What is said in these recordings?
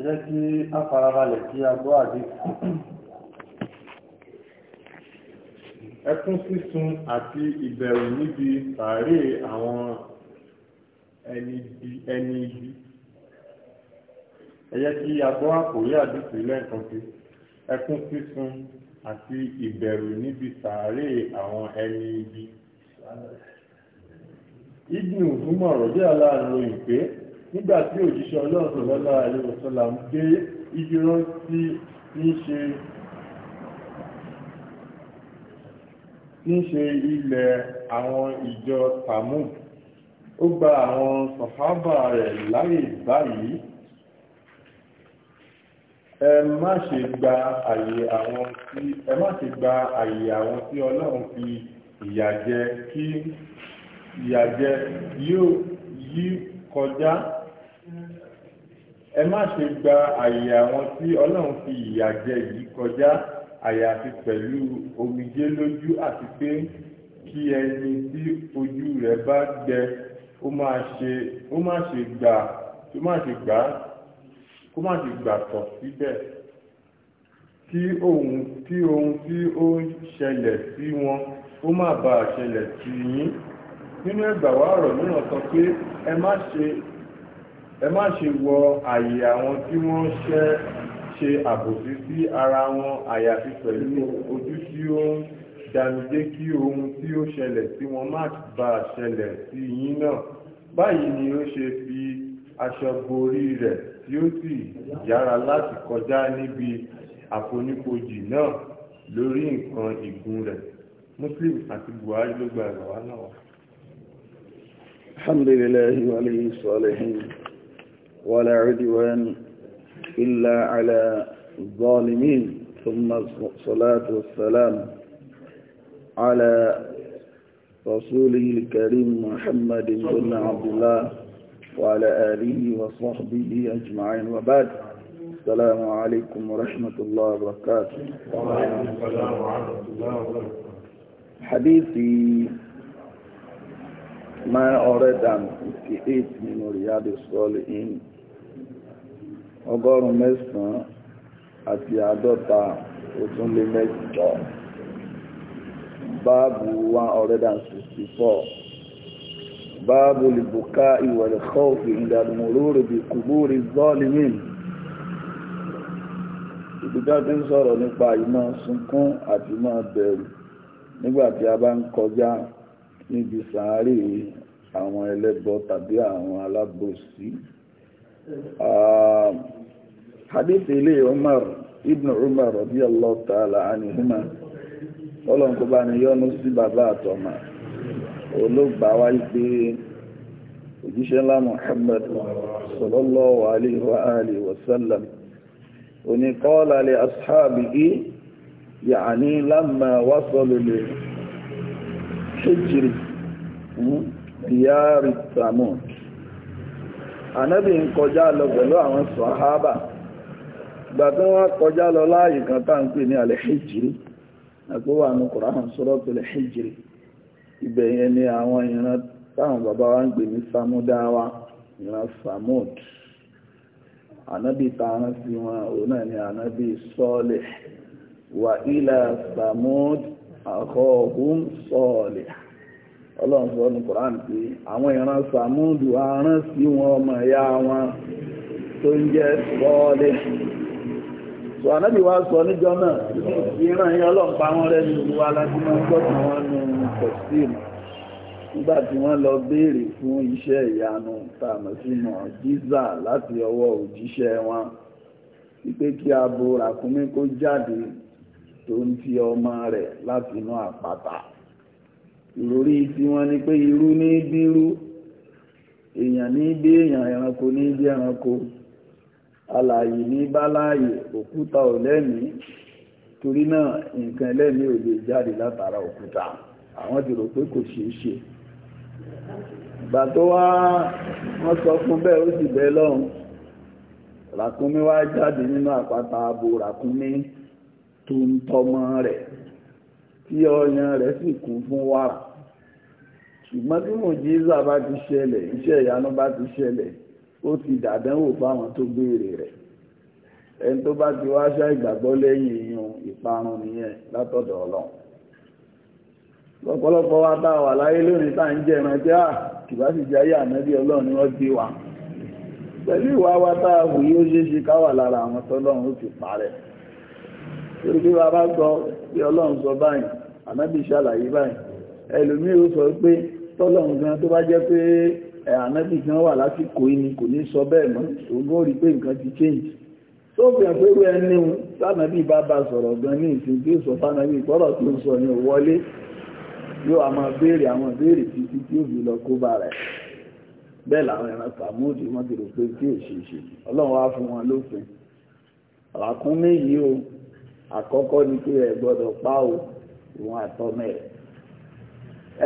ẹ jẹ́ kí a farabalẹ̀ kí a gbọ́ àdíkù ẹkún sísun àti ìbẹ̀rù níbi sàárè àwọn ẹni ibi ẹ jẹ́ kí a gbọ́ àkòrí àdíkù lẹ́ẹ̀kan sí ẹkún sísun àti ìbẹ̀rù níbi sàárè àwọn ẹni ibi. Ibn Umar rọ̀jẹ́ aláàrin pé nígbà tí òjíṣẹ́ ọlọ́run lọ́lá àìlèwòsọ́là ń gbé ibi rán tí ń ṣe tí ilẹ̀ àwọn ìjọ tamu ó gba àwọn sọ̀hábà rẹ̀ láyè báyìí ẹ má ṣe gba àyè àwọn tí ẹ má ṣe gba ọlọ́run fi ìyà jẹ yí kọjá ẹ má ṣe gba àyè àwọn tí ọlọ́run fi ìyà jẹ yìí kọjá àyàfi pẹ̀lú omijé lójú àti pé kí ẹni tí ojú rẹ̀ bá gbẹ ó má ṣe gbà tó má ṣe gbà kó má ṣe gbà tọ̀ síbẹ̀ kí ohun tí ohun tí ó ṣẹlẹ̀ sí wọn ó má bàa ṣẹlẹ̀ sí yín nínú ẹgbàá wa ọ̀rọ̀ mìíràn sọ pé ẹ má ṣe ẹ má ṣe wọ àyè àwọn tí wọ́n ṣẹ́ ṣe àbòsí sí ara wọn àyàfi pẹ̀lú ojú tí ó ń dàmídé kí ohun tí ó ṣẹlẹ̀ sí wọn má bà ṣẹlẹ̀ sí yín náà báyìí ni ó ṣe fi aṣọ borí rẹ̀ tí ó sì yára láti kọjá níbi àfonífojì náà lórí nǹkan ìgùn rẹ̀ muslim àti buhari ló gba ìrọ̀wá náà. alhamdulilayi wa aleyhi sọ́lẹ̀hìn. ولا عدوان إلا على الظالمين ثم الصلاة والسلام على رسوله الكريم محمد بن عبد الله وعلى آله وصحبه أجمعين وبعد السلام عليكم ورحمة الله وبركاته وعليكم السلام ورحمة الله وبركاته حديثي 958 nínú ríyádù sọ́ọ̀lì in ọgọ́rùn mẹ́sàn-án àti àádọ́ta ó tún lé mẹ́jọ báàbù 164 báàbù lìbùká ìwẹ̀lẹ̀ kọ́ọ̀fì ìdàdùmòrórì bí kùbúrì zọ́ọ̀lìmìn ìgbìdájú sọ̀rọ̀ nípa ìmọ̀ sunkún àti ìmọ̀ bẹ̀rù nígbàtí a bá ń kọjá níbi sàárè àwọn ẹlẹ́bọ tàbí àwọn alábòsí ah, hadith ilé Umar ibn Umar radiyallahu ta'ala anihuma ọlọ́n kó bá ní yọ́nú sí bàbá àtọ̀mà olóògbà wá pé òjíṣẹ́ ńlá Muhammad sallallahu alaihi wa alihi wa sallam oní qala li ashabihi ya'ni lamma wasalu lè hijri diyari samud Anabi n kọjá lọ pẹ̀lú àwọn sọ̀hábà gbà kọjá lọ láàyè kan tá ń pè ní al-hijri àgbówà ní hijri ni àwọn ìran táwọn bàbá wa ń pè ní samudawa ìran samud sí wọn òun náà ni wa ila samud àkọ́ọ̀gùn sọ̀ọ̀lẹ̀ ọlọ́run sọ ní koran pé àwọn ìran sàmúdù arán sí wọn ọmọ ìyá wọn tó ń jẹ́ sọ̀ọ̀lẹ̀ sọ ànábì wa sọ níjọ náà ìran yẹn ọlọ́run pa wọn rẹ́ nínú wa láti máa ń gbọ́ àwọn nínú kọ̀síìmù nígbà tí wọ́n lọ béèrè fún iṣẹ́ ìyanu tààmù sínú jíza láti ọwọ́ òjíṣẹ́ wọn wípé kí abo ràkúnmí kó jáde tó ń fi ọmọ rẹ̀ láti inú àpáta ìròrí tí wọ́n ní pé irú ní dírú èèyàn ní bí èèyàn ẹranko ní bí ẹranko alààyè ní báláàyè òkúta ò lẹ́mìí torí náà nǹkan ẹlẹ́mìí ò lè jáde látara òkúta àwọn ti rò pé kò ṣeé ṣe ìgbà tó wá wọ́n sọ fún bẹ́ẹ̀ ó sì bẹ́ẹ̀ lọ́hùn ràkúnmí wá jáde nínú àpáta abo ràkúnmí tó ń tọmọ rẹ̀ tí ọyàn rẹ̀ sì kún fún wàrà ṣùgbọ́n tí mùjíza bá ti ṣẹlẹ̀ iṣẹ́ ìyanu bá ti ṣẹlẹ̀ ó ti dàdánwò fáwọn tó béèrè rẹ̀ ẹni tó bá ti wá ṣá ìgbàgbọ́ lẹ́yìn ìyún ìparun nìyẹn látọ̀dọ̀ ọlọ́run lọ́pọ̀lọpọ̀ wa tá wà láyé lónìí tá à ń jẹ ìrántí à ah, kìbá sì jẹ́ ayé ànábì ọlọ́run ni wọ́n gbé wa pẹ̀lú ìwà wa tá a wù yí ṣeé ṣe ká wà lára àwọn tọ́lọ́run ó ti parẹ́ torí pé bàbá gbọ́ bí ọlọ́run sọ báyìí ànábì ṣàlàyé báyìí ẹlòmíì ó sọ pé tọ́lọ́run gan tó bá jẹ́ pé ànábì gan wà lásìkò yìí ni kò ní sọ bẹ́ẹ̀ mọ́ ògùn ó rí pé nǹkan ti change tó fi hàn pé wí ẹni sànábì bá bá sọ̀rọ̀ gan ní ìsìn tí ó sọ fànábì ìkọ́rọ̀ tó ń sọ ni ò wọlé yóò a máa béèrè àwọn béèrè títí tí ó fi lọ kó bá rẹ̀ bẹ́ẹ̀ làwọn ẹran sàmúdì wọ́n ti rò pé tí ò ọlọ́run wá fún wọn lófin àkúnmí yìí o àkọ́kọ́ ni pé ẹ gbọ́dọ̀ pa ò òun àtọ́mẹ́ ẹ̀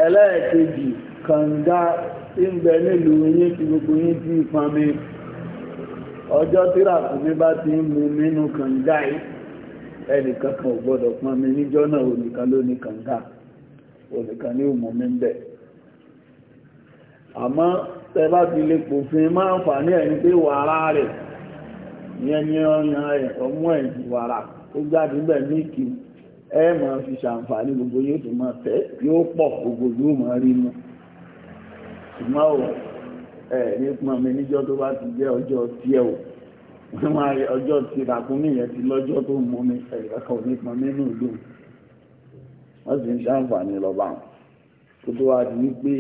ẹlẹ́ẹ̀kejì kànga tí ń bẹ nílùú yín tí gbogbo ọjọ́ tí ti ń mu nínú kànga yìí ẹnìkan ò gbọ́dọ̀ mi níjọ́ náà onìkan ló ní kànga onìkan ní òmù bẹ àmọ́ tẹ bá ti lè máa ń fà ní ẹni pé wàrà rẹ̀ tó jáde bẹ̀ mílìkì ẹ máa fi ṣàǹfààní gbogbo yóò tó máa tẹ́ yóò pọ̀ gbogbo yóò máa rí mu ṣùgbọ́n ò ẹ̀ ní pọn mi níjọ́ tó bá ti jẹ́ ọjọ́ tiẹ̀ o ọjọ́ ti ràkúnmí yẹn ti lọ́jọ́ tó mú mi ẹ̀yọ̀kan ò ní pọn mi nù lóhùn wọ́n sì ń ṣàǹfààní lọ́ba wọn tó tó wá di wípé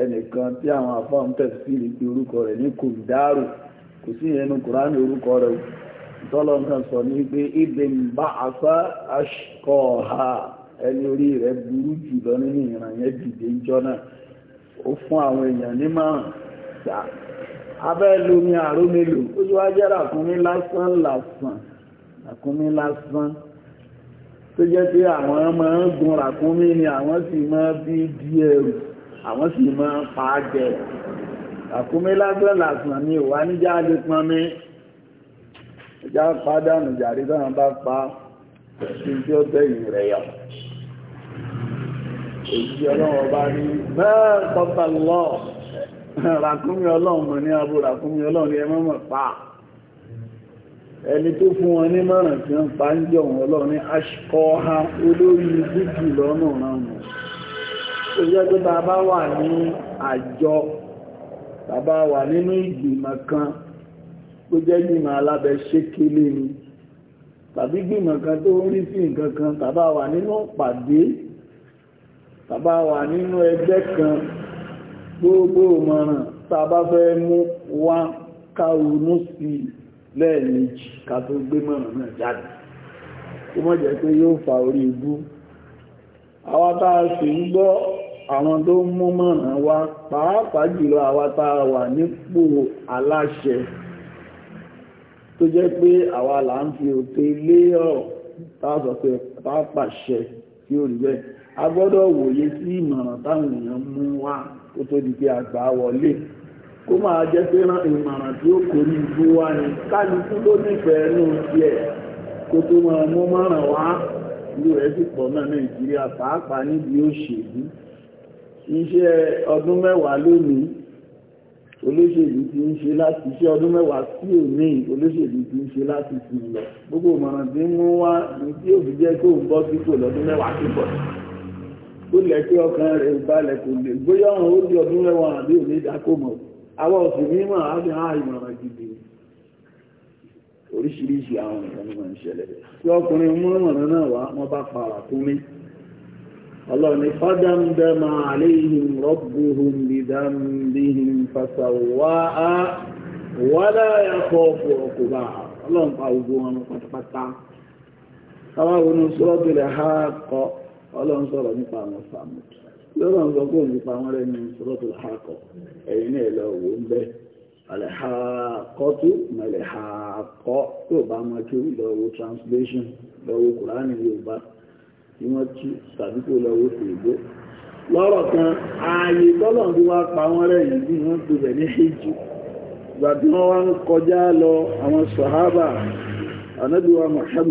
ẹnìkan tí àwọn afọ́n tẹ̀sí pé orúkọ rẹ̀ ní kòlùdárò kò sí ìyẹnu kùránì orúkọ rẹ̀ o tọ́lọ̀ náà sọ ní pé ibè ń bá afá aṣkọ̀ ha ẹni orí rẹ̀ burú jùlọ nínú ìran yẹn dìde ìjọ náà ó fún àwọn èèyàn ní márùn gbà abẹ́lu ní àrùn mélòó ó sì wá jẹ́ ràkúnmí lásán lásán ràkúnmí lásán tó jẹ́ pé àwọn máa ń gun ràkúnmí ni àwọn sì máa bí bí ẹrù àwọn sì máa pa á jẹ ràkúnmí lásán lásán ni ìwà níjà lè pọn mi. ya pádánù jàrí tánà bá pa sí tí ó tẹ́yìn rẹ̀ yà èyí ọlọ́wọ̀ bá ní bẹ́ẹ̀ tọ́ta lọ ràkúnmí ní abo ràkúnmí ọlọ́run ní pa ẹni tó fún wọn ní mọ̀ràn tí ha tó jẹ́ gbìmọ̀ alábẹ́ṣékélé ni tàbí gbìmọ̀ kan tó ń rí sí nǹkan kan tàbá wà nínú pàdé tàbá wà nínú ẹgbẹ́ kan gbogbo mọ̀ràn tàbá fẹ́ mú wá káwùnú sí lẹ́ẹ̀mejì ká tó gbé mọ̀ràn náà jáde tó mọ̀ jẹ́ pé yóò fa orí ibú àwa tá a sì ń gbọ́ àwọn tó mú mọ̀ràn wa pàápàá jùlọ àwa wà nípò aláṣẹ tó jẹ́ pé àwa là ń fi òté lé ọ̀rọ̀ táwọn sọ pé táwọn pàṣẹ tí ó rí bẹ́ẹ̀ a gbọ́dọ̀ wòye sí ìmọ̀ràn táwọn èèyàn mú wá kó tó di pé àgbà wọlé kó máa jẹ́ pé ìmọ̀ràn tí ó kò ní ibú wá ni kálukú ló nífẹ̀ẹ́ nù tiẹ̀ kó tó máa mú mọ́ràn wá ìlú rẹ̀ sì pọ̀ náà Nàìjíríà pàápàá níbi òṣèlú iṣẹ́ ọdún mẹ́wàá lónìí olóṣèlú ti ń ṣe láti iṣẹ́ ọdún mẹ́wàá sí òní olóṣèlú ti ń ṣe láti fi lọ gbogbo ìmọ̀ràn tí ń mú wá ní tí òfin jẹ́ kó ń bọ́ sípò lọ́dún mẹ́wàá sí bọ̀ tó lẹ̀ pé ọkàn rẹ̀ balẹ̀ kò lè bóyá ọ̀run ó di ọdún mẹ́wàá àbí òní ìdákòmọ̀ àwọn òsì mímọ̀ àbí àwọn gidi oríṣiríṣi àwọn ìmọ̀ràn ṣẹlẹ̀ tí ọkùnrin mú ìmọ̀ràn náà wá wọ́n bá pa àrà ọlọ́ni fọ́dámdámà àléhìn rọ́bùhùn bìdámbìhìn fàṣàwà á wọ́lá ẹ̀kọ́ ọ̀kùnbà ọlọ́npa ogun wọn pátápátá káwáwọn sọ́rọ́bìnrin ha kọ́ ọlọ́n sọ̀rọ̀ nípa àwọn sàmùtù lọ́rọ̀ sọ pé nípa àwọn rẹ̀ ní sọ́rọ́bìnrin ha kọ́ ẹ̀yìn náà lọ wò ń bẹ́ àlẹ́hàkọ́tù mẹ́lẹ̀hàkọ́ tó bá mọ́ kí lọ́wọ́ tí wọ́n tú tàbí kó lọ owó sí ìgbó lọ́rọ̀ kan ààyè tọ́lọ̀ tí wá pa wọ́n rẹ̀ yìí bí wọ́n tó bẹ̀ ní ṣíjú ìgbà tí wọ́n wá ń kọjá lọ àwọn sàhábà ànábì wa Muhammad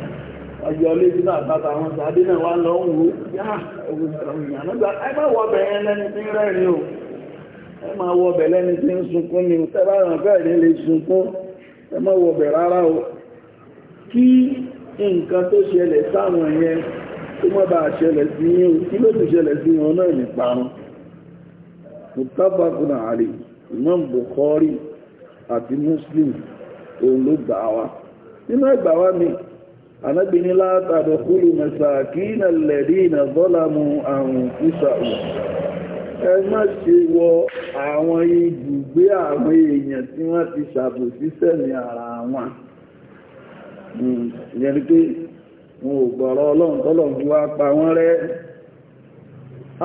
ọjọ́ ilé tí náà tàbí àwọn sàádé náà wá lọ ń wo yáà ẹgbùn ìyànàgbà ẹgbẹ́ wọ́bẹ̀ lẹ́ni tí ń rẹ́rin o ẹ máa wọ́bẹ̀ lẹ́ni tí ń sunkún ni tẹ́bàrán fẹ́ẹ̀rin lè sunkún ẹ rárá o kí nǹkan tó ṣẹlẹ̀ sáwọn yẹn tó mọ́ bá ṣẹlẹ̀ sí anábìnrin látàdọ̀ kúrò na lẹ̀dí ìnà zọ́làmù àrùn ìṣàwò ẹ má ṣe wọ àwọn ibùgbé àwọn èèyàn tí wọ́n ti ṣàbò síṣẹ́ ní ara wọn hmm, ìyẹn ni pé wọn ò gbọ́rọ̀ ọlọ́run tọ́lọ́run fi wá pa wọ́n rẹ́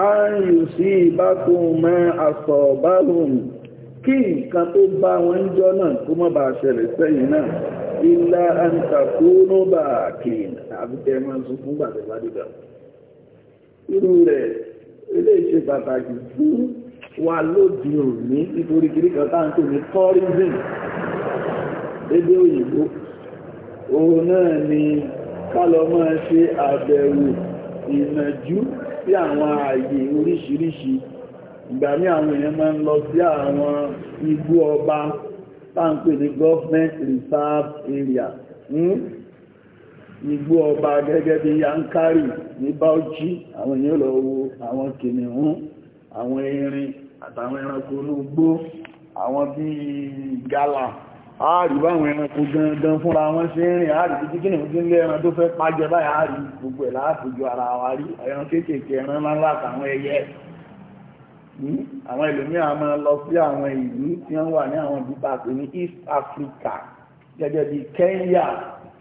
ààyù sí ìbákun mẹ́ àsọ̀ bárùn-ún kí nǹkan tó bá wọn jọ náà kó má bàa ṣẹlẹ̀ sẹ́yìn náà ilá àǹtàkùnú bá kìín àbíkẹ́ máa sún fún gbàgbé bá dìgbà irú rẹ̀ ilé ìṣe pàtàkì fún wa lóde òní nítorí kiri kan tá à ń pè ní tourism lédè òyìnbó òun náà ni ká lọ máa ṣe àbẹ̀wò ìnàjú sí àwọn ààyè oríṣiríṣi ìgbà ní àwọn èèyàn máa ń lọ sí àwọn igbó ọba táǹpé ní government reserve area hmm? igbó ọba gẹ́gẹ́ bí Yankari ní Bauchi àwọn èèyàn lọ wo àwọn kìnìún àwọn erin àtàwọn ẹranko ní igbó àwọn bí gala ààrí báwọn ẹranko gangan fúnra wọn ṣe ń rìn ààrí títí kí nìkan tí ń lé ẹran tó fẹ́ pàjẹ báyìí ààrí gbogbo ẹ̀ láàpùjọ ara wa ẹran kéékèèké àwọn ìlúmí àmọ́ lọ sí àwọn ìlú tí wọ́n wà ní àwọn ìdíbà tó ní East Africa gẹ́gẹ́ bí Kenya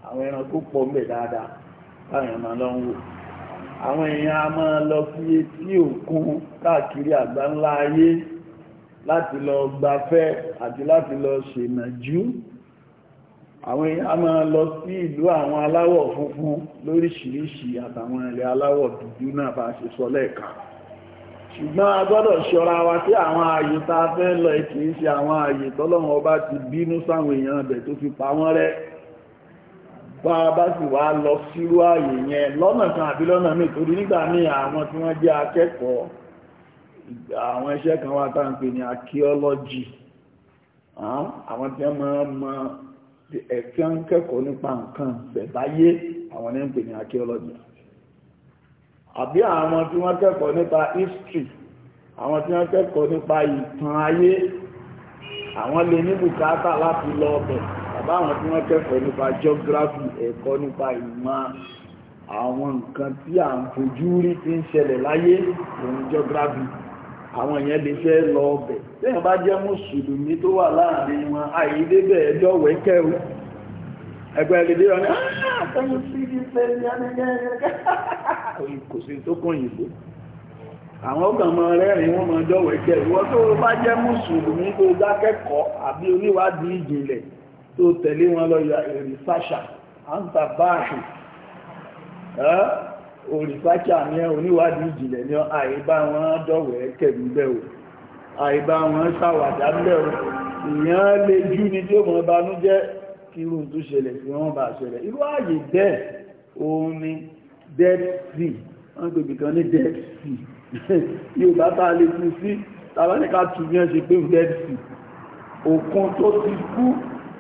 àwọn ẹran tó pọ̀ mẹ́ dáadáa táwọn èèyàn máa lọ ń wò àwọn èèyàn a máa lọ sí etí òkun káàkiri àgbáńlá ayé láti lọ gbafẹ́ àti láti lọ ṣènàjú àwọn èèyàn a máa lọ sí ìlú àwọn aláwọ̀ funfun lóríṣiríṣi àtàwọn ilẹ̀ aláwọ̀ dúdú náà bá ṣe sọ lẹ́ẹ̀kan ṣùgbọ́n a gbọ́dọ̀ ṣọ́ra wa sí àwọn ààyè tá a fẹ́ lọ kì í ṣe àwọn ààyè tọ́lọ́run ọba ti bínú sáwọn èèyàn ibẹ̀ tó fi pa wọ́n rẹ́ bá a bá sì wá lọ sírú ààyè yẹn lọ́nà kan àbí lọ́nà míì torí nígbà míì àwọn tí wọ́n jẹ́ akẹ́kọ̀ọ́ àwọn iṣẹ́ kan wá tá à ń pè ní archaeology àwọn tí wọ́n mọ ẹ̀kọ́ kẹ́kọ̀ọ́ nípa nǹkan ṣẹ̀báyé àwọn ní ń pè ní archaeology àbí àwọn tí wọ́n kẹ́kọ̀ọ́ nípa history àwọn tí wọ́n kẹ́kọ̀ọ́ nípa ìtàn ayé àwọn lè ní bùkátà láti lọ ọbẹ̀ bàbá àwọn tí wọ́n kẹ́kọ̀ọ́ nípa geography ẹ̀kọ́ nípa ìmọ̀ àwọn nǹkan tí à ń fojú rí tí ń ṣẹlẹ̀ láyé òun geography àwọn yẹn lè fẹ́ lọ ọbẹ̀ tẹ́yìn bá jẹ́ mùsùlùmí tó wà láàrin wọn àìdébẹ̀ ẹgbẹ́ ẹlẹ́dẹ́ ọ̀nà àtọ́yìn sí ìfẹ́ ní ọ̀nà kò sí tó kàn yìí bó àwọn ọkàn mọ rẹ́rìn wọn mọ ọjọ́ wẹ̀kẹ́ ìwọ tó o bá jẹ́ mùsùlùmí tó dákẹ́kọ̀ọ́ àbí oníwádìí ìjìnlẹ̀ tó tẹ̀lé wọn lọ ya èrìsáṣà àǹtà báàṣì òrìsáṣà ní oníwádìí ìjìnlẹ̀ ní àìbá wọn dọ̀wẹ̀ ẹ̀kẹ́ níbẹ̀ o àìbá wọn ṣàwàdà níbẹ̀ o ìyẹn lè jú ni tí ó mọ̀ banújẹ́ kí irú tó ṣẹlẹ̀ sí wọ́n bá ṣẹlẹ̀ irú ààyè bẹ́ẹ̀ òun ni dead sea wọ́n gbèbì kan ní dead sea yóò bá tá a lè fi sí tàbáníkà tù bí wọ́n ṣe pé dead sea òkun tó ti kú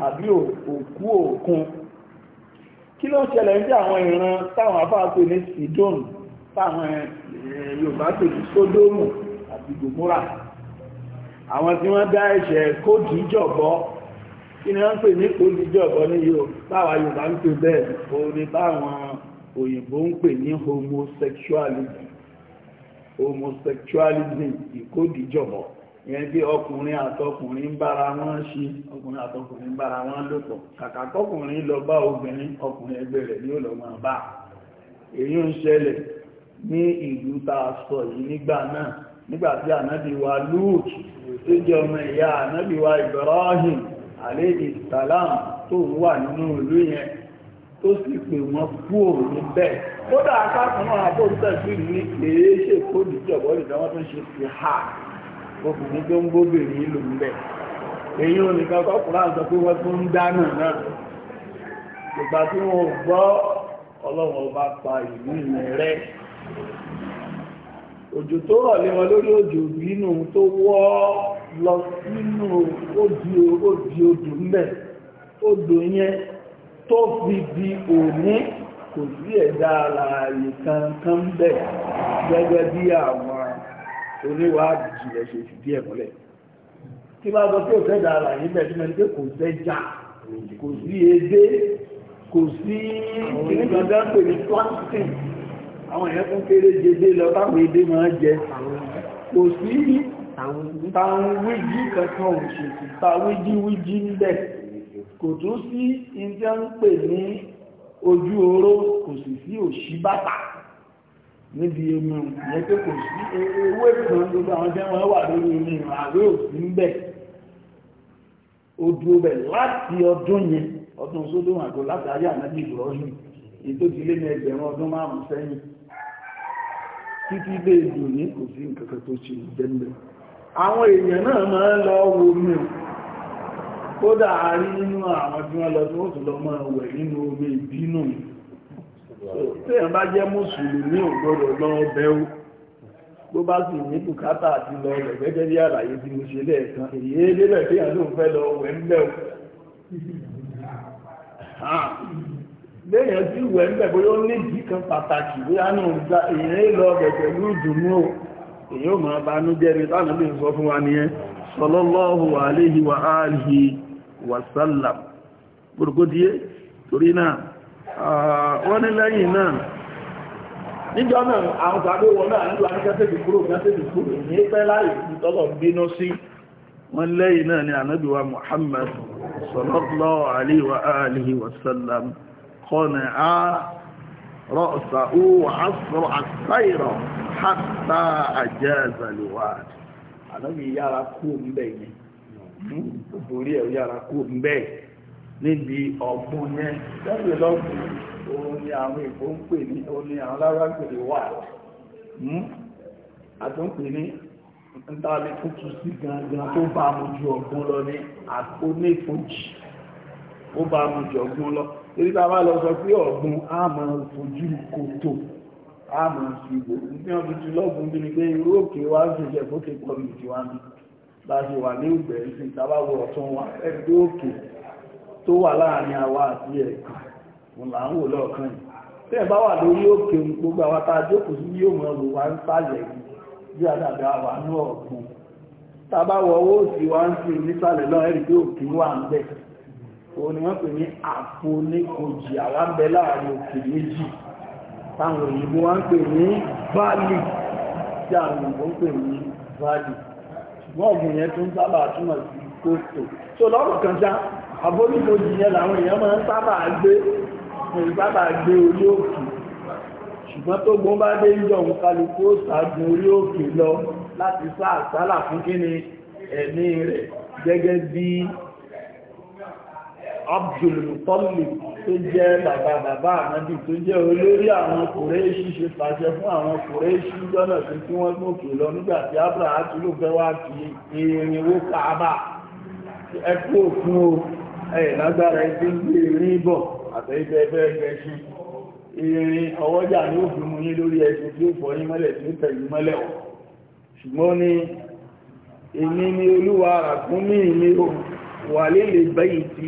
àbí òkú òkun kí ló ṣẹlẹ̀ ń jẹ́ àwọn ìran táwọn afáàpè ní sidon táwọn eh, Yorùbá pè ní Sódómù àti Gòmórà àwọn tí wọ́n dá ẹ̀ṣẹ̀ kóòtù ìjọ̀bọ́ kí ni wọ́n ń pè ní olùjọ́ ọ̀bọ ní yìí o báwa Yorùbá ń pè bẹ́ẹ̀ òun ni báwọn òyìnbó ń pè ní homosexuality homosexuality ìkódìjọ̀bọ̀ ìyẹn bí ọkùnrin àtọkùnrin ń bára wọn ṣe ọkùnrin àtọkùnrin ń bára wọn lòpọ̀ kàkà kọkùnrin lọ bá obìnrin ọkùnrin ẹgbẹ́ rẹ̀ ní òlọ́mọ bá èyí ń ṣẹlẹ̀ ní ìlú tá a sọ yìí nígbà náà nígbà tí ànábì Lúùtù tó jẹ́ ọmọ ìyá ànábì Ibrahim àléèdè salam tó ń wà nínú ìlú yẹn tó sì pè wọ́n fún òun níbẹ̀ kódà akákan náà abóòtẹ́sí ní èé ṣe kó dìjọ̀bọ́ ìdáwọ́n tó ṣe fi ha obìnrin tó ń gbóbìnrin ìlú ń bẹ̀ èyí ò nìkan kọkùnrin àti pé wọ́n tún ń dáná náà ìgbà tí wọ́n gbọ́ ọlọ́run ọba pa ìlú ilẹ̀ rẹ̀ òjò tó rọ̀ lé wọn lórí òjò bínú tó wọ́ lọ nínú odi odi odò ńbẹ̀ odò yẹn tó fi di òní kò sí ẹ̀dá alààyè kankan bẹ̀ gẹ́gẹ́ bí àwọn oníwàádìí jìnlẹ̀ ṣe fìdí ẹ̀ mọ́lẹ̀ tí bá sọ pé ò fẹ́ dára yìí bẹ̀ tí mo ní pé kò sẹ́jà kò sí edé kò sí ìgbàgbà pè ní plastic àwọn èèyàn fún kéré jẹjẹ lọ táwọn edé máa jẹ kò sí àwọn wíjí kankan òṣèṣì ta wíjí wíjí ń bẹ̀ kò tó sí ìjẹ́ ń pè ní ojú oró kò sì sí òṣì bàtà níbi omi ìyẹn kò sí ewé kan gbogbo àwọn jẹ́ wà lórí omi àwé òsì ń bẹ̀ odò bẹ̀ láti ọdún yẹn ọdún sódò títí dé ìlú ní kò sí nǹkan kan tó ṣe ìjẹ́ ń àwọn èèyàn náà máa ń lọ wo mi kódà a rí nínú àwọn tí wọ́n lọ tí wọ́n tún lọ máa wẹ̀ nínú omi ìbínú tẹ́yàn bá jẹ́ mùsùlùmí ò gbọ́dọ̀ lọ ọbẹ̀ ó tó bá sì ní bùkátà àti lọ rẹ̀ gẹ́gẹ́ bí àlàyé tí mo ṣe lẹ́ẹ̀kan èyí lélẹ̀ tẹ́yàn ló ń fẹ́ lọ wẹ̀ ń bẹ̀ ó lẹ́yìn tí wẹ̀ ń bẹ̀ bóyá ó ní ìdí kan pàtàkì bóyá náà èèyàn lọ bẹ̀ pẹ̀lú ìdùnnú èyí ò máa banú jẹ́ ní tánàbí ń sọ fún wa ní ẹ́ sallallahu alayhi wa alihi wa sallam gbogbogbòdíyé torí náà ah, wọ́n ní lẹ́yìn náà níjọ́ náà àwọn tàbí wọn náà nílò akẹ́kẹ́sẹ̀kì kúrò kẹ́sẹ̀kì kúrò ní pẹ́ láì رأسه وعصر الطير حتى أجاز الواد Ànábì yára kú mbẹ̀ yẹn, orí ẹ̀ yára kú mbẹ̀ níbi ọ̀gbun yẹn, lẹ́yìn lọ́gbùn òun ni àwọn èkó ń pè ní òun ni àwọn lára pè ní wà. Àtúnpè hmm? ní ntàlẹ̀ tuntun sí gangan tó bá mu ju ọ̀gbun lọ ní àpò ní ìfojì, ó bá mu ju ọ̀gbun lọ torí ta bá lọ sọ pé ọ̀gbun á máa kòtò á máa ní ọdún tí lọ́gbùn bí ni pé irú òkè wa ń ṣe ìjẹ́kókè pọ̀ ní ìjìwá ní bá ṣe wà ní ìgbẹ̀ ìsìn tàbá wọ ọ̀tún wa ẹgbẹ́ òkè tó wà láàrin àwa àti ẹ̀kan òun là ń wò lọ́ọ̀kan yìí tẹ́ bá wà lórí òkè gbogbo àwọn tá a jókòó sí yóò mọ̀ lò wá ń sàlẹ̀ yìí bí àdàdà wà ní ọ̀gbun tàbá owó òsì wa ń sìn nísàlẹ̀ lọ́ẹ̀rí pé òkè wà ń bẹ̀ òun ni wọ́n pè ní àfoníkojì àwábẹ́ láàrin òkè méjì táwọn òyìnbó wọ́n pè ní báàlì tí àwọn òyìnbó pè ní báàlì ṣùgbọ́n ọ̀gbìn yẹn tún sábà túmọ̀ sí kóòtò tó lọ́rọ̀ kan já àfoníkojì yẹn làwọn èèyàn máa ń sábà gbé òun sábà gbé orí òkè ṣùgbọ́n tó gbọ́n bá dé yíyọ òun kálukú ó sàágun orí òkè lọ láti sá àsálà fún kíni ẹ̀mí rẹ̀ gẹ́gẹ́ bí abdulmutallib tó jẹ́ bàbá bàbá ànábì tó jẹ́ olórí àwọn kòrèṣì ṣe pàṣẹ fún àwọn kòrèṣì lọ́nà tó tí wọ́n gòkè lọ nígbà tí abraham tó ló fẹ́ wá kí irinwó káàbà ẹ kú òkun o ẹ lágbára ẹgbẹ́ ń gbé irin bọ̀ àtẹ́gbẹ́ ẹgbẹ́ gẹṣin irin ọwọ́jà ni ó fi mú yín lórí ẹṣin tí ó fọ́ yín mọ́lẹ̀ tí ó tẹ̀yí mọ́lẹ̀ ọ̀ ṣùgbọ́n ní èmi ni olúwa ràkúnmí mi ò wà lélẹ̀ bẹ́yìí ti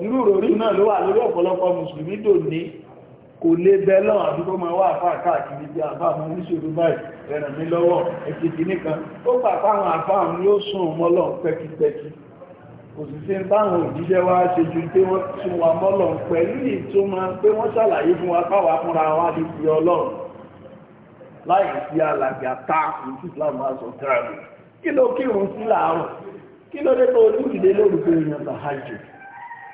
irú ìròrí náà ló wà lórí ọ̀pọ̀lọpọ̀ mùsùlùmí dò ní kò lè bẹ́lọ̀ àti kó máa wá àfáà káàkiri bí àfáà mú níṣòro báyìí ẹ̀ràn mi lọ́wọ́ ẹ̀kìtì nìkan ó pàpá àwọn àfáà ń ló sùn mọ́lọ̀ pẹ́kipẹ́kí kò sì sí báwọn òjíṣẹ́ wá ṣe ju pé wọ́n tún wa mọ́lọ̀ pẹ̀lú ìtumọ̀ pé wọ́n ṣàlàyé fún wa káwa fúnra wa ní ti ọlọ́run láì sí alàgbà ta ìtú ìsìlámù aṣọ gáàmù kí ló kírun sí làárọ̀ kí ló dé tó olúdìdé lórúkọ èèyàn tàhájù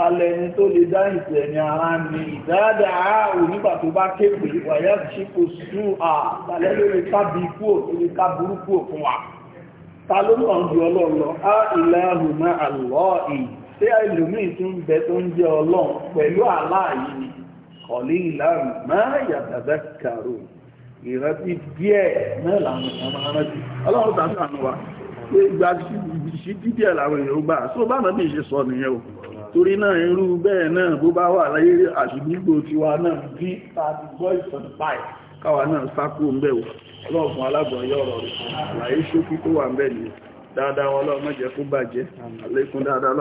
talẹni tó lè dá ìpẹ̀ ní ara ní ìdáadáa onígbà tó bá kéèkè wàyá ṣípò sú à talẹ́ ló lè kábi ikú ò tó lè ká burúkú ò fún wa ta ló mọ̀ ń ju ọlọ́run lọ á ilẹ̀ ahùnmá àlọ́ ì tí ẹlòmíì tó ń bẹ tó ń jẹ ọlọ́run pẹ̀lú aláàyè ni kọ̀lí ìlàrùn máa yàtàdá kàrò ìrántí díẹ̀ náà ọmọ ọlọ́run tàbí àánú wa pé ìgbà díẹ̀ làwọn èèyàn gbà torí náà irú bẹ́ẹ̀ náà bó bá wà láyé àṣìgbígbò tiwa náà bí tàbí gbọ́ ìtàn báyìí káwa náà sákò ń bẹ̀wò ọlọ́ọ̀fún alágbọ̀nyọ́ ọ̀rọ̀ rẹ̀ àlàyé ṣókí tó wà ń bẹ̀ dáadáa wọn lọ́wọ́ kó bàjẹ́ àlékún dáadáa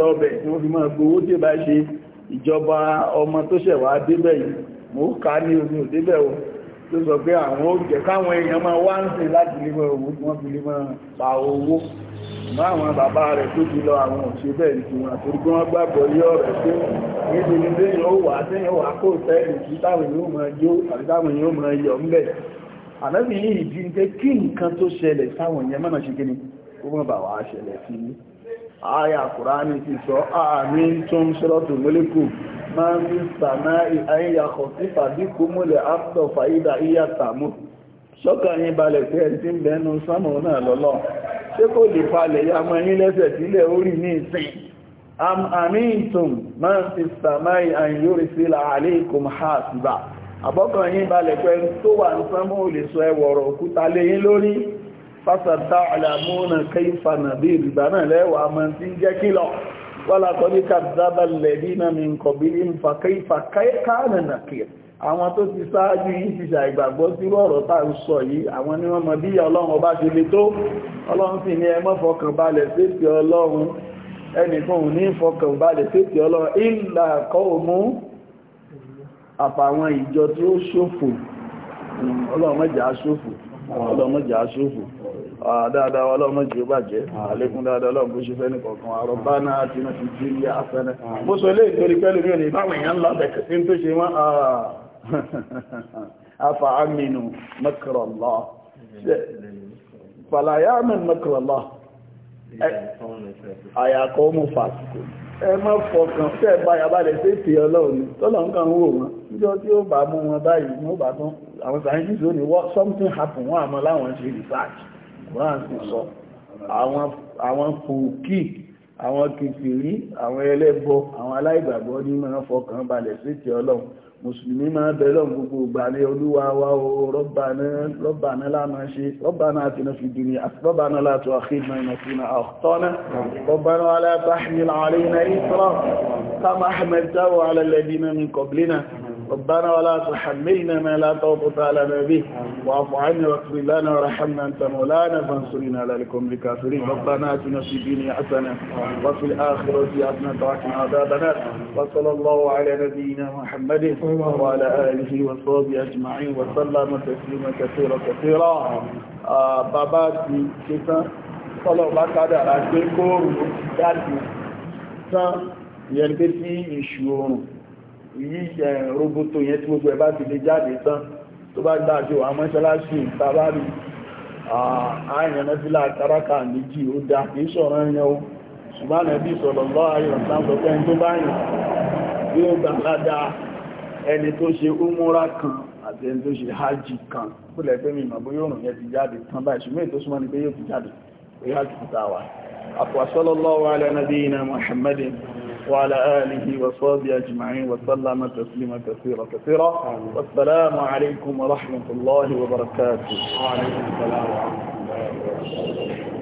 lọ́wọ́ ṣe fẹ́ ìjọba ọmọ tó ṣẹ̀wá débẹ̀ yìí mo ń kà ní omi ò débẹ̀ o tó sọ pé àwọn oúnjẹ káwọn èèyàn máa wá ń sè láti lè mọ owó wọn fi lè mọ pa owó ṣùgbọ́n àwọn bàbá rẹ̀ tó ti lọ àwọn òṣè bẹ́ẹ̀ ju wọn àti orí gbàgbọ́ yọ rẹ̀ pé níbi ní lẹ́yìn ó wà sẹ́yìn wà kó tẹ́lẹ̀ táwọn yóò máa jó àti àyà kùránì ti sọ àmì tó ń sọ́rọ̀ tó mọ́lẹ́kù máa ń sàmà àyíyàkọ̀ tí fàbí kú múlẹ̀ ápùtọ̀ fàyídà ìyà tààmù sọ́kà yín balẹ̀ pé ẹ̀ tí ń bẹnu sánmà náà lọ́lọ́ ṣé kò lè falẹ̀ ya mọ́ yín lẹ́sẹ̀ sílẹ̀ orí ní ìsìn àmì ìtùm máa ń fi sàmà àyíyórí sílẹ̀ àlékùm hasiba àbọ́kàn yín balẹ̀ pé tó wà ń sánmà ò lè sọ ẹwọ̀rọ̀ òkúta lé yín lórí fásàtà àlàmúnà kaifa nàbír ìgbà náà lẹ́wà mọ́ tí ń jẹ́ kílọ̀ wọ́la kọ́ ní kàdábà lẹ́dínà mi ń kọ̀bílì ń fa kaifa káànà nàkìr àwọn tó ti sáájú yìí ti ṣàìgbàgbọ́ sí ọ̀rọ̀ tá ń sọ yìí àwọn ni wọ́n mọ bí ọlọ́run ọba ṣe le tó ọlọ́run sì ní ẹmọ́ fọkàn balẹ̀ sétí ọlọ́run ẹnìkan ò ní fọkàn balẹ̀ sétí ọlọ́run ìlà kọ́ òmú àfàwọn ìjọ tí ó ṣòfò ọlọ́run mẹ́jà ṣòfò ọlọ́mọjà aṣòfò dáadáa ọlọ́mọjì ó bàjẹ́ àlékún dáadáa ọlọ́mọ ṣe fẹ́ nìkọ̀ọ̀kan àrọ̀bá náà ti náà ti jí ilé afẹ́nẹ́ bó sọ ilé ìtorí pẹ́lú bí òní báwọn èèyàn lọ bẹ̀kẹ̀ sí tó ṣe wọ́n afa aminu makarallah falaya amin makarallah àyàkọ́ mú fàṣíkò ẹ má fọkàn fẹ́ báyà balẹ̀ sí ìtì ọlọ́run tọ́lọ́ nǹkan wò wọn níjọ́ tí ó bá mú wọn báyìí mú bá tán àwọn scientists ló ní what something happen wọ́n àmọ́ láwọn ṣe research Quran ti sọ àwọn fòókì àwọn kìfìrí àwọn ẹlẹ́bọ àwọn aláìgbàgbọ́ ní máa fọkàn balẹ̀ sí ti ọlọ́run mùsùlùmí máa bẹ̀rẹ̀ gbogbo ìgbà ní olúwa wa o rọ́bàná láàmà ṣe rọ́bàná àti náà fi dìní àti rọ́bàná látọ̀ àkíyàn ìmọ̀ sí na ọ̀tọ́nà rọ́bàná aláàtàhìnlá àríyìn náà ìsọ́rọ̀ ربنا ولا تحملنا ما لا طاقة لنا به واعف عنا واغفر لنا وارحمنا انت مولانا فانصرنا على القوم الكافرين ربنا اتنا في الدنيا حسنه وفي الاخره حسنه وقنا عذاب وصلى الله على نبينا محمد وعلى اله وصحبه اجمعين وسلم تسليما كثيرا كثيرا بابا تي شيطان صلى الله عليه وسلم tán ìyẹn pé sí yíṣẹ́ roboto yẹn tí gbogbo ẹ bá ti lè jáde tán tó bá dájú àwọn mọ́ṣáláṣí ìtàbárí àyànnáfílà kárákà méjì ó dá ṣọ̀rọ̀ o ṣùgbọ́n sọ̀rọ̀ tó bá gbà ẹni tó ṣe umura kan àti ẹni tó ṣe hajj kan pé mi mọ̀ bó yóò rùn ti jáde tán báyìí ṣùgbọ́n súnmọ́ ni pé yóò ti jáde pé hajj kúta Muhammadin وعلى آله وصحبه أجمعين وسلم تسليما كثيرا كثيرا والسلام عليكم ورحمة الله وبركاته وعليكم السلام ورحمة الله وبركاته